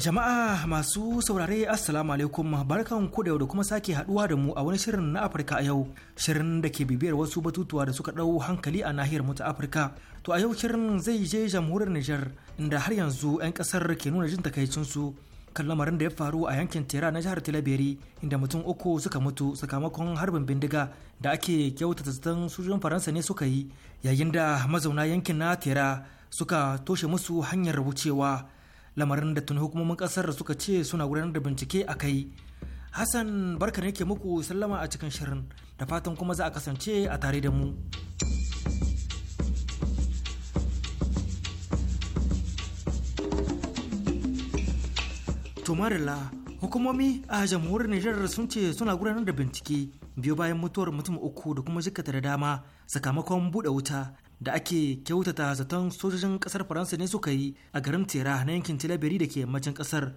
jama'a masu saurare assalamu alaikum barkan ku da yau da kuma sake haduwa da mu a wani shirin na afirka a yau shirin da ke bibiyar wasu batutuwa da suka ɗau hankali a nahiyar mu ta afirka to a yau shirin zai je jamhuriyar niger inda har yanzu 'yan ƙasar ke nuna jin takaicinsu kan lamarin da ya faru a yankin tera na jihar tilaberi inda mutum uku suka mutu sakamakon harbin bindiga da ake kyautata zaton sojojin faransa ne suka yi yayin da mazauna yankin na tera suka toshe musu hanyar wucewa lamarin da tuni hukumomin kasar da suka ce suna gudanar da bincike a kai hassan barka ne ke muku sallama a cikin shirin da fatan kuma za a kasance a tare da mu. tomarilla hukumomi a jamhuriyar nijar sun ce suna gudanar da bincike biyo bayan mutuwar mutum uku da kuma jikata da dama sakamakon buɗe wuta da ake kyautata zaton sojojin kasar faransa ne suka yi a garin tera na yankin tilabiri da ke yammacin kasar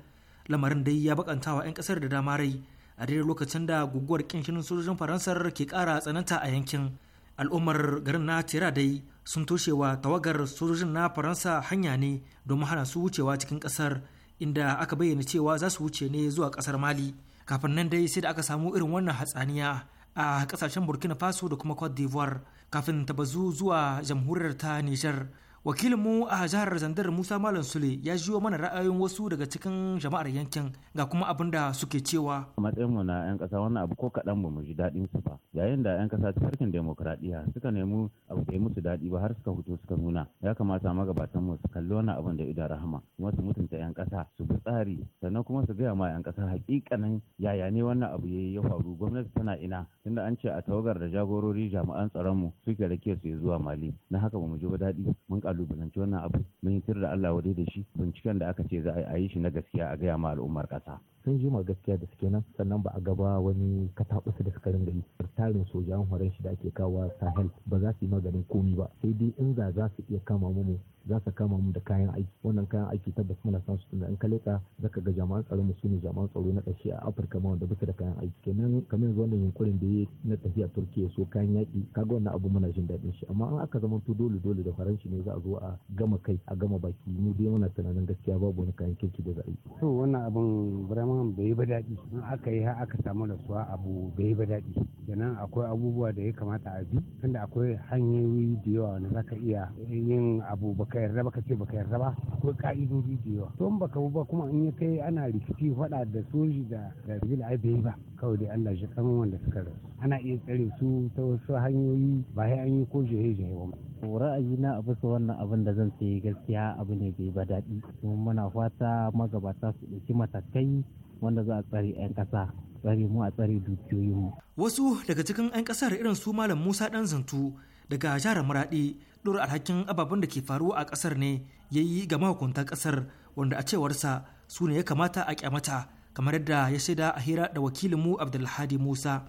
lamarin dai ya bakantawa 'yan kasar da dama rai a daidai lokacin da guguwar kinshinin sojojin faransa ke kara tsananta a yankin al'ummar garin na tera dai sun toshewa tawagar sojojin na faransa hanya ne domin hana su wucewa cikin kasar inda aka bayyana cewa za su wuce ne zuwa kasar mali kafin nan dai sai da aka samu irin wannan hatsaniya a kasashen burkina faso da kuma cote d'ivoire kafin ta bazu zuwa jamhuriyar ta nijar wakilinmu a jihar zandar musa malam sule ya jiyo mana ra'ayoyin wasu daga cikin jama'ar yankin ga kuma abin da suke cewa a matsayinmu na 'yan kasa wannan abu ko kaɗan ba mu ji daɗin su ba yayin da 'yan kasa ta farkin demokuraɗiyya suka nemi abu ya musu daɗi ba har suka hutu suka nuna ya kamata magabatan mu su kalli wannan abin da idan rahama kuma su mutunta 'yan kasa su bi tsari sannan kuma su gaya ma 'yan kasa hakikanin yaya ne wannan abu ya ya faru gwamnati tana ina tunda an ce a tawagar da jagorori jami'an tsaron mu suke rake su zuwa mali na haka ba mu ji ba daɗi mun kalubalanci wannan abu mun yi da Allah wadai da shi binciken da aka ce za a yi shi na gaskiya a gaya ma al'ummar ƙasa sun ma gaskiya da suke nan sannan ba a gaba wani katakusa da suka ringa yi tarin sojan horon shi da ake kawo sahel ba za su yi maganin komi ba sai dai in za za su iya kama mu za su kama mu da kayan aiki wannan kayan aiki tabbas mana san su tunda in ka leka zaka ga jama'an tsaro mu sune jama'an tsaro na ƙarshe a Afirka ma wanda bisa da kayan aiki kenan kamar yanzu wannan yunkurin da ya na tafiya Turkiya so kayan yaki kaga wannan abu muna jin daɗin shi amma in aka zama to dole dole da faranshi ne za a zo a gama kai a gama baki mu dai muna tunanin gaskiya babu wani kayan kirki da za a yi to wannan samun bai ba daɗi in aka yi aka samu da rasuwa abu bai ba daɗi kenan akwai abubuwa da ya kamata a bi tunda akwai hanyoyi da yawa wanda zaka iya yin abu baka yarda baka ce baka yarda ba akwai ka'idodi da yawa to in bu ba kuma in ya kai ana rikici faɗa da soji da da ai bai ba kawai dai Allah shi kan wanda suka rasu ana iya tsare su ta wasu hanyoyi ba sai an yi ko jehe-jehe ba na a bisa wannan abin da zan sayi gaskiya abu ne bai ba daɗi kuma muna fata magabata su ɗauki matakai wanda za a tsare 'yan ƙasa tsare mu a tsare dukiyoyinmu. Wasu daga cikin 'yan ƙasar irin su Malam Musa ɗan zantu daga jihar Maraɗi ɗora alhakin ababen da ke faruwa a ƙasar ne ya yi ga mahukuntan ƙasar wanda a cewarsa su ne ya kamata a kyamata kamar yadda ya shaida a hira da wakilin mu Abdulhadi Musa.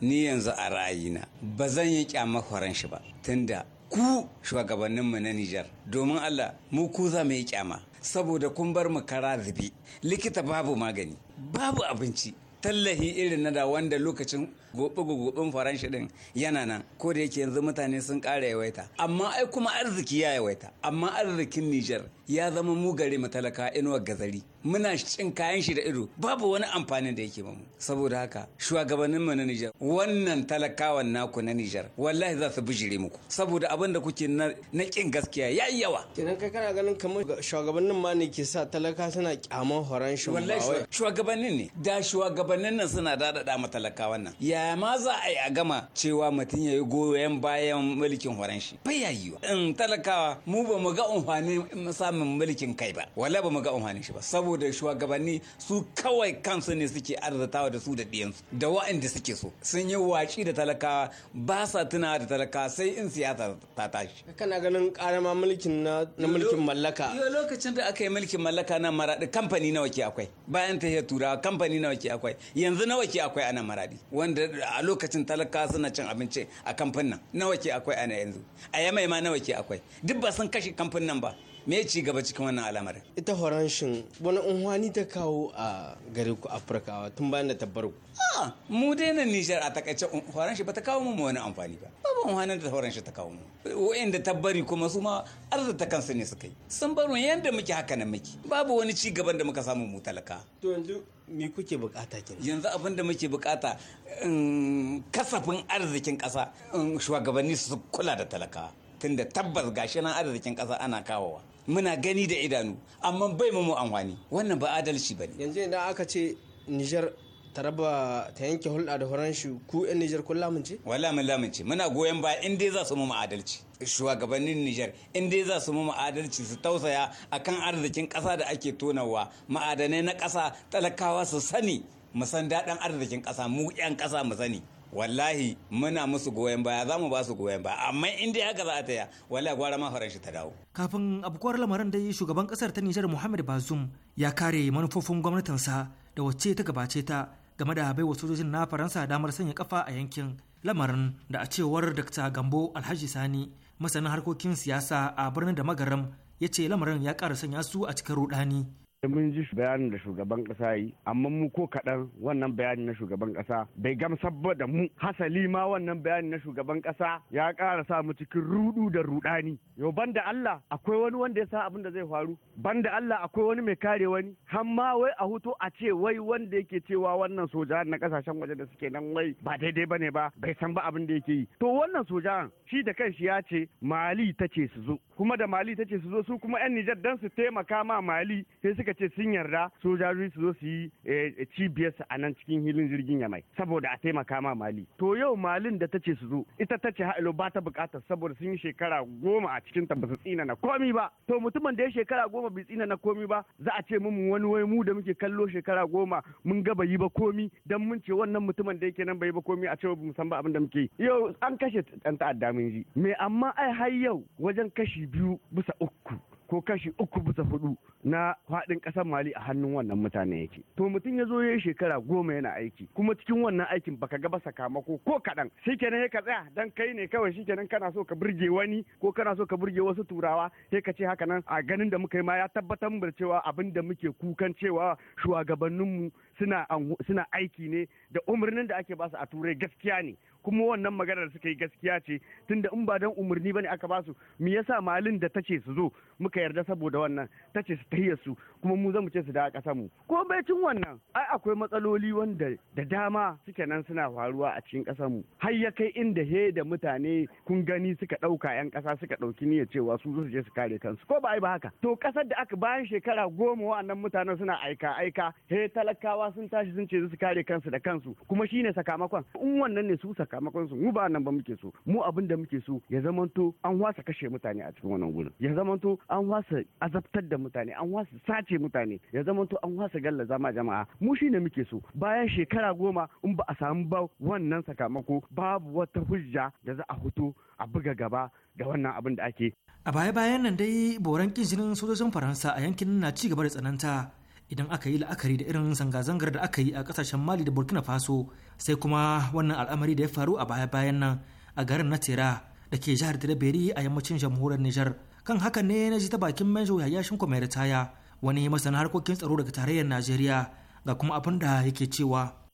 Ni yanzu a ra'ayina ba zan yi kyama horon shi ba tunda ku shugabanninmu na Nijar domin Allah mu ku za mu yi kyama saboda kun bar mu kara zube likita babu magani babu abinci tallahi irin na da wanda lokacin gobe-goben faranshi din yana nan ko da yake yanzu mutane sun ƙara yawaita amma ai kuma arziki ya yawaita amma arzikin Nijar ya zama mu gare mu talaka inuwar gazari muna cin kayan shi da ido babu wani amfanin da yake mamu saboda haka shugabannin mu na Nijar wannan talakawan naku na Nijar wallahi za su bijire muku saboda abin da kuke na kin gaskiya yayi yawa kenan kai kana ganin kamar shugabannin ma ne ke sa talaka suna kyaman horon shi wallahi shugabannin ne da shugabannin nan suna dadada ma talakawan nan ya yaya ma za a yi a gama cewa mutum ya yi goyon bayan mulkin horon shi bai ya wa. in talakawa mu ba mu ga umfani samun mulkin kai ba wala ba mu ga umfani shi ba saboda shugabanni su kawai kansu ne suke arzatawa da su da ɗiyansu da wa'anda suke so sun yi waci da talakawa ba sa tunawa da talakawa sai in siyasa ta tashi kana ganin karama mulkin na mulkin mallaka yau lokacin da aka yi mulkin mallaka na maradi kamfani nawa ke akwai bayan ta turawa kamfani nawa ke akwai yanzu nawa ke akwai ana maradi wanda a lokacin talaka suna cin abinci a kamfanin nawa ke akwai ana yanzu a yamai ma nawa ke akwai duk ba sun kashe kamfanin ba me ci gaba cikin wannan al'amarin ita horanshin wani unhwani ta kawo a gare ku afirkawa tun bayan da ta bar ku mu dai nan nijar a takaice horanshi ba ta kawo mu wani amfani ba babu unhwanin da horanshi ta kawo mu da ta bari kuma su ma arzata kansu ne suka yi sun baro yanda muke haka nan muke babu wani ci gaban da muka samu mu talaka to yanzu me kuke bukata kenan yanzu abin da muke bukata kasafin arzikin kasa shugabanni su kula da talakawa tunda tabbas gashi nan arzikin kasa ana kawowa muna gani da idanu amma bai mu amfani wannan ba adalci bane yanzu idan aka ce Nijar ta ta yanke hulɗa da horon shi ku yan Nijar kun lamunce? Wala mun lamunce muna goyon baya in dai za su mu ma'adalci. Shugabannin Nijar in dai za su mu ma'adalci su tausaya akan arzikin ƙasa da ake tonawa ma'adanai na ƙasa talakawa su sani mu san daɗin arzikin ƙasa mu 'yan ƙasa mu sani. wallahi muna musu goyon baya za mu ba su goyon baya amma in dai haka za a taya wallahi gwara ma shi ta dawo kafin abubuwar lamarin dai shugaban ƙasar ta Nijar Muhammad Bazoum ya kare manufofin gwamnatinsa da wacce ta gabace ta game da baiwa sojojin na faransa damar sanya kafa a yankin lamarin da a cewar dr gambo alhaji sani masanin harkokin siyasa a birnin da magaram ya ce lamarin ya ƙara sanya su a cikin rudani mun ji bayanin da shugaban kasa yi amma mu ko kaɗan wannan bayanin na shugaban kasa bai gamsa ba da mu hasali ma wannan bayanin na shugaban kasa ya ƙara sa mu cikin rudu da rudani yau banda Allah akwai wani wanda ya sa abin da zai faru banda Allah akwai wani mai kare wani har ma wai a huto a ce wai wanda yake cewa wannan soja na kasashen waje da suke nan wai ba daidai bane ba bai san ba abin da yake yi to wannan sojan shi da kanshi ya ce Mali ta ce su zo kuma da Mali ta ce su zo su kuma 'yan Nijar dan su taimaka ma Mali sai suka ce sun yarda sojoji su zo su yi eh, cibiyarsu a nan cikin hilin jirgin yamai saboda a taimaka ma mali to yau malin da ta ce su zo ita ta ce ha'ilo ba ta bukatar saboda sun yi shekara goma a cikin ba su tsina na komi ba to mutumin da ya shekara goma bai tsina na komi ba za a ce mun wani wai mu da muke kallo shekara goma mun ga bai yi ba komi dan mun ce wannan mutumin da yake nan bai ba komi a ce mu san ba abin da muke yau an kashe dan ta'adda mun ji me amma ai har yau wajen kashi biyu bisa uku ko kashi uku bisa hudu na faɗin ƙasar mali a hannun wannan mutane yake to mutum ya zo ya yi shekara goma yana aiki kuma cikin wannan aikin baka gaba sakamako ko kaɗan ya ka tsaya dan kai ne kawai kenan kana so ka burge wani ko kana so ka burge wasu turawa sai ka ce haka nan a ganin da muka yi ma ya tabbatar da cewa abin da muke kukan cewa shugabanninmu suna aiki ne da umarnin da ake basu a turai gaskiya ne kuma wannan maganar suka yi gaskiya ce tunda in ba dan umarni bane aka basu me yasa malin da tace su zo muka yarda saboda wannan tace su tahiya su kuma mu zamu ce su da ƙasa mu ko baicin wannan ai akwai matsaloli wanda da dama suke nan suna faruwa a cikin ƙasar mu har ya kai inda he da mutane kun gani suka ɗauka yan ƙasa suka ɗauki niyya cewa su su je su kare kansu ko ba ai ba haka to ƙasar da aka bayan shekara goma wa'annan mutanen suna aika aika he talakawa sun tashi sun ce su kare kansu da kansu kuma shine sakamakon in wannan ne su sakamakon su mu ba nan ba muke so mu abin da muke so ya zamanto an wasa kashe mutane a cikin wannan gurin ya zamanto an wasa azabtar da mutane an wasa sace mutane ya zamanto an wasa gallaza ma jama'a mu shi shine muke so bayan shekara goma in ba a samu ba wannan sakamako babu wata hujja da za a fito a buga gaba ga wannan abin da ake a baya-bayan nan dai boran kin jinin sojojin faransa a yankin na ci gaba da tsananta idan aka yi la'akari da irin zanga-zangar da aka yi a kasashen mali da burkina faso sai kuma wannan al'amari da ya faru a baya-bayan nan a garin na tera da ke jihar tilaberi a yammacin jamhuriyar nijar kan haka ne na ji ta bakin manjo yayashin mai ritaya wani masana harkokin tsaro daga tarayyar najeriya ga kuma abin da yake cewa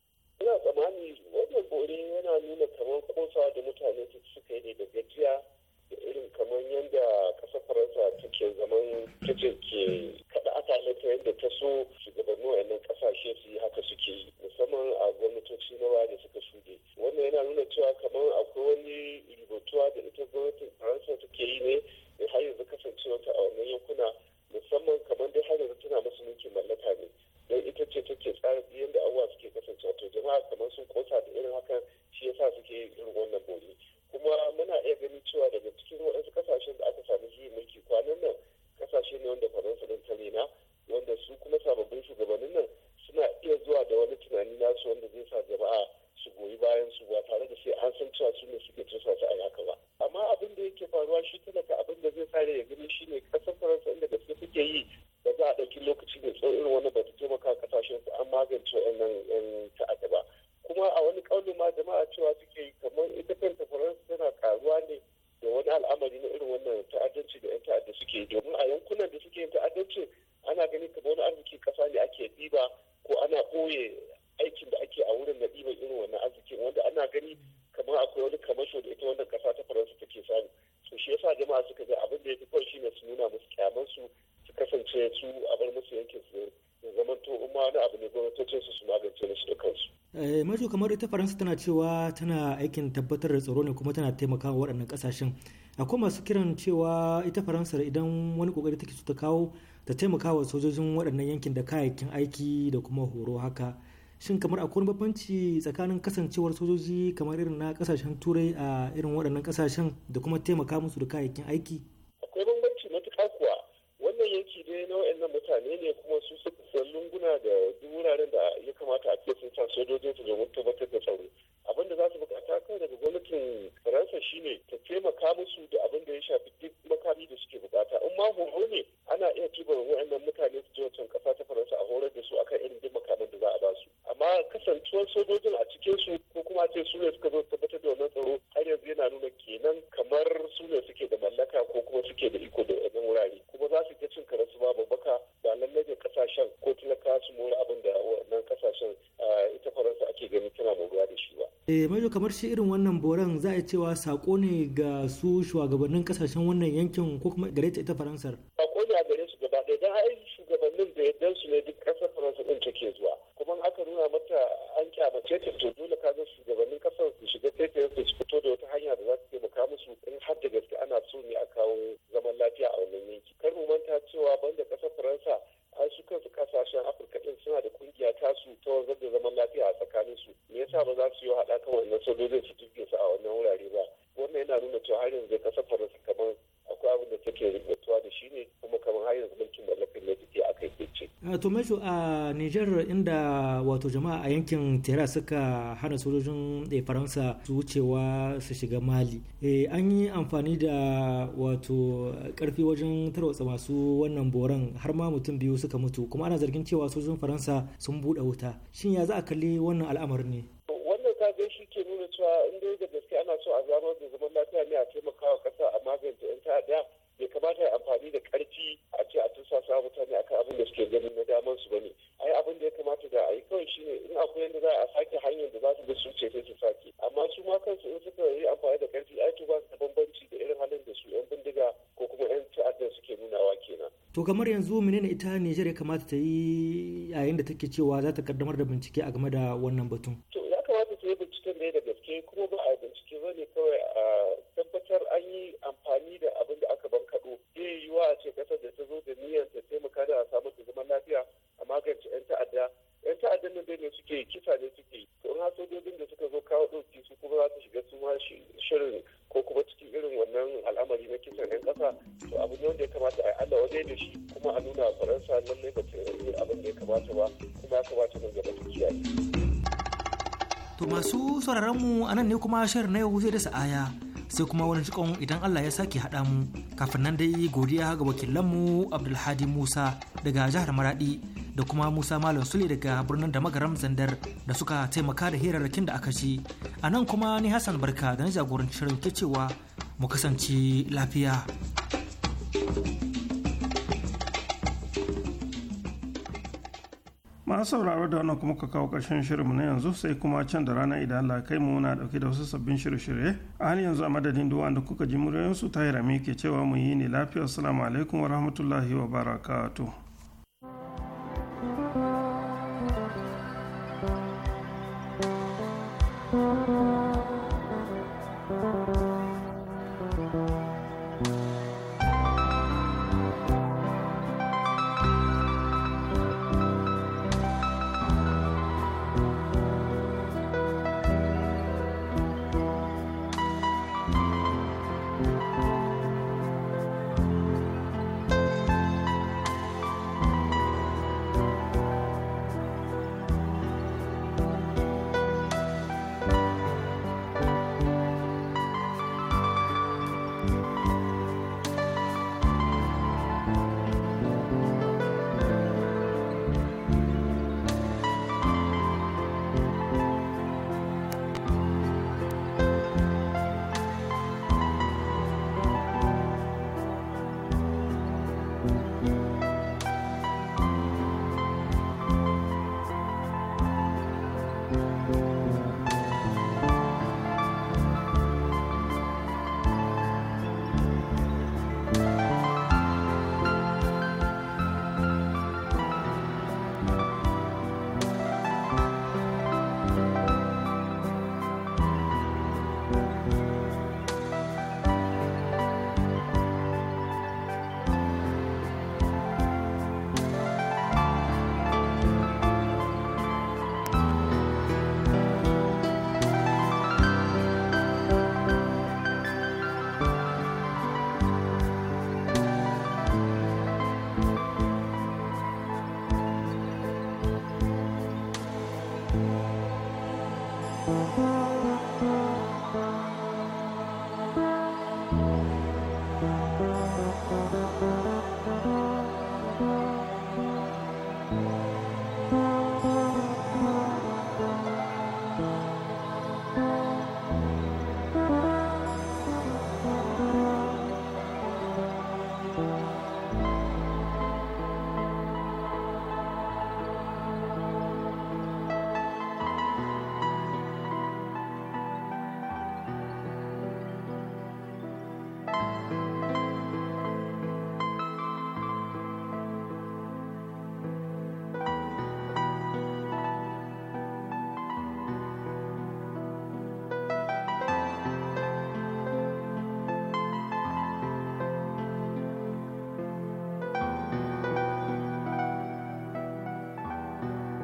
ke zaman ta ke kada aka ta yadda ta so shugabannin wayannan kasashe su yi haka suke yi musamman a gwamnatoci na baya suka shuɗe wannan yana nuna cewa kamar akwai wani rubutuwa da ita gwamnatin faransa take yi ne da har yanzu ta a wannan yankuna musamman kamar dai har yanzu tana musu mulkin mallaka ne don ita ce take tsara biyan da abubuwa suke kasancewa to jama'a kamar sun kosa da irin hakan shi yasa suke irin wannan bori kuma muna iya ganin cewa daga ta faransa tana cewa tana aikin tabbatar da tsaro ne kuma tana taimakawa waɗannan ƙasashen akwai masu kiran cewa ita faransa idan wani ƙoƙari take so ta kawo ta taimakawa sojojin waɗannan yankin da kayayyakin aiki da kuma horo haka shin kamar akwai bambanci tsakanin kasancewar sojoji kamar irin na kasashen turai a irin waɗannan kasashen da kuma taimaka musu da kayayyakin aiki e kamar shi irin wannan boran za a cewa sako ne ga su shugabannin kasashen wannan yankin ko kuma gare ta ita faransar Kamishu a Nijar inda wato jama'a a yankin Tera suka hana sojojin eh, Faransa su wucewa su shiga Mali. Eh, an yi amfani da wato karfi wajen tarwatsa masu wannan boran har ma mutum biyu suka mutu kuma ana zargin cewa sojojin Faransa sun buɗe wuta. Shin ya za a kalli wannan al'amarin ne? to kamar yanzu menene ita Nijar ya kamata ta yi yayin da take cewa za ta kaddamar da bincike a game da wannan batun to ya kamata ta yi binciken ne da gaske kuma ba a bincike ba ne kawai a tabbatar an yi amfani da abin da aka bankaɗo zai yiwuwa a ce kasar da ta zo da niyyar ta taimaka da a samar da zaman lafiya a magance 'yan ta'adda 'yan ta'addan nan dai ne suke kisa ne suke mu a nan ne kuma shirin na yau zai dasa aya sai kuma wani cikon idan Allah ya sake haɗa mu kafin nan dai godiya ga wakilanmu Abdulhadi Musa daga jihar Maradi da kuma Musa Malam Sule daga birnin da magaram Zandar da suka taimaka da hirarrakin da aka ci. A nan kuma ni Hassan Barka da na jagorancin shirin ke cewa mu kasance lafiya. masu sauraro da wannan kuma ka kawo ƙarshen shirinmu na yanzu sai kuma can da rana idan Allah kai mu na dauke da wasu sabbin shirye-shirye a hali yanzu a madadin duk wanda kuka ji muryoyinsu ta rami ke cewa mu yi ne lafiya assalamu alaikum wa rahmatullahi wa barakatuh